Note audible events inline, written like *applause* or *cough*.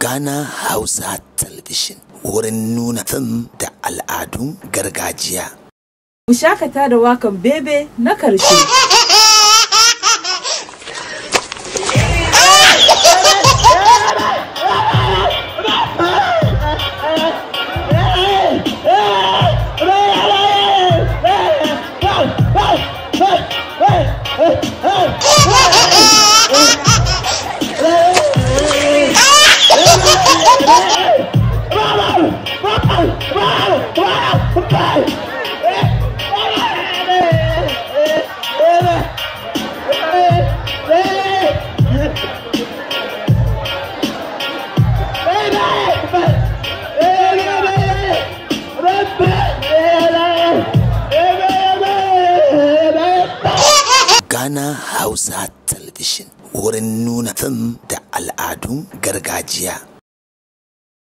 Ghana Hausa Television wurin nuna fim da al'adun gargajiya. Mu shakata da wakan bebe na karshe. Hey! *laughs* Hausa Television wurin nuna fim da al'adun gargajiya